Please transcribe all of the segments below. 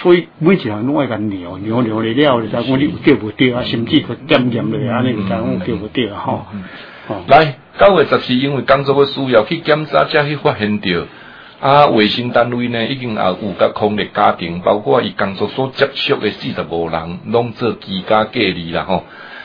所以每一個攏愛甲尿尿尿嚟了就知你對對，就講你叫唔着啊，甚至去檢驗咧安尼就講叫唔着啊，吼、嗯。來，九月十四，因為工作嘅需要去檢查，才去發現着啊，衛生單位呢已經也有甲控嘅家庭，包括伊工作所接觸嘅四十五人，攏做居家隔離啦吼。哦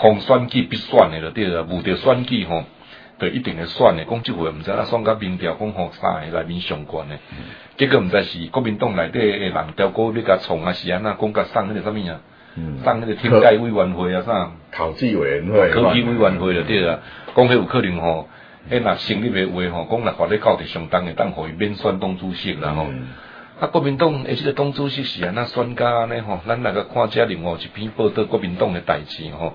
選舉必選誒，的，對啊，唔得選舉吼，着一定會選誒。講即句話毋知影選甲民調講互山喺內面相關誒，嗯、結果毋知是國民黨內底誒人調哥欲甲創啊是安怎講甲上迄個啥物啊，上迄、嗯、個天界委員會啊啥，考紀委員會，科，麼科技委員會對，對啊、嗯。講迄有可能吼，迄若成立誒話吼，講若話咧搞着相當誒當互伊免選黨主席啦吼。嗯、啊，國民黨誒，即個黨主席是安怎選甲安尼吼，咱兩個看遮另外一篇報道國民黨誒代志吼。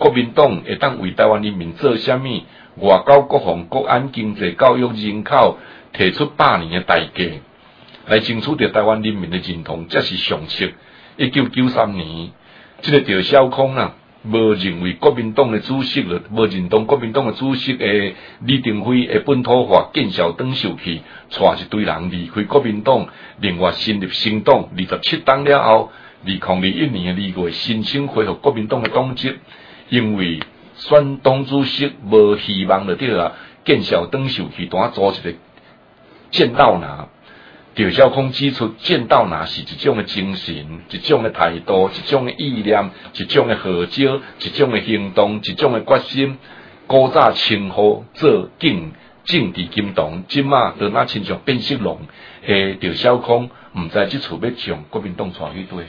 國民黨會當為台灣人民做蝦米外交、國防、國安、經濟、教育、人口，提出百年嘅代價，來爭取着台灣人民嘅認同，這是常識。一九九三年，即、這個趙少康啊，無認為國民黨嘅主席了，無認同國民黨嘅主席誒李登輝誒本土化、建校等受氣，帶一堆人離開國民黨，另外成立新黨，二十七黨了後，二零二一年嘅二月，申請恢復國民黨嘅黨籍。因為選黨主席無希望了，對啦，小建小黨手去當主席的戰鬥藍，趙少康指出，戰鬥藍是一種嘅精神，一種嘅態度，一種嘅意念，一種嘅號召，一種嘅行動，一種嘅決心，古早稱呼做進政治金黨，今仔都那親像變色龍，誒、哎，趙少康毋知即處要從國民黨傳去對，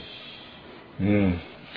嗯。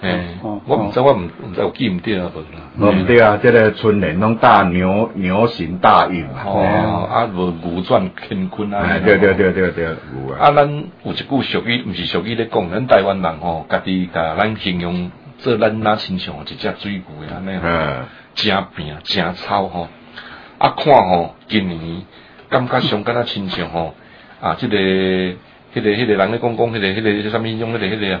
嗯，我唔知，我唔唔知有記唔得啊？不啦，唔對啊！這個春聯攏大牛牛行大運啊！啊無扭轉乾坤啊！對對對對對，啊！咱有一句俗語，毋是俗語咧講，咱台灣人吼，家己甲咱形容做咱哪親像一隻水牛誒。安尼，嗯，誠拼誠草吼，啊看吼，今年感覺上敢那親像吼，啊，即個、迄個、迄個人咧，講講迄個、迄個什物英雄，這個、迄個。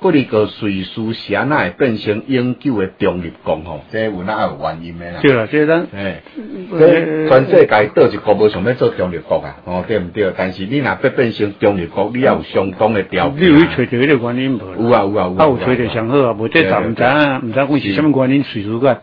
嗰個瑞士俠變成永久嘅中立國吼，即、哦、有哪原因咩啦？即、這、咱、個對，誒、欸，全世界都是國無想要做中立國啊，哦對唔對？但是你若要變成中立國，你也有相當嘅條件、啊。你有找着呢個原因無？有啊有啊有啊，有找着上好啊，無即咱唔知啊，唔、啊啊啊啊、知我是什麼原因瑞士個。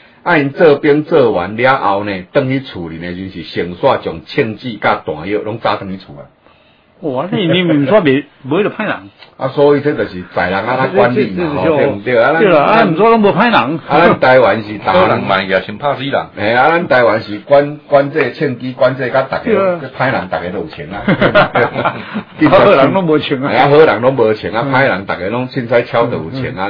按這邊做完了後呢，等於處理呢就是先刷將清潔加彈藥攏早等於沖了。哇，那你們唔做沒沒得派人？啊，所以這就是在人跟他管理嘛，對唔對？啊，俺唔做都冇派人。俺台灣是打人慢，又先怕死人。哎，俺台灣是管管這清潔、管這噶，大家都派人，大家都有錢啊。哈哈哈哈哈。好人攏冇錢啊，好人攏冇錢啊，派人大家敲得有錢啊，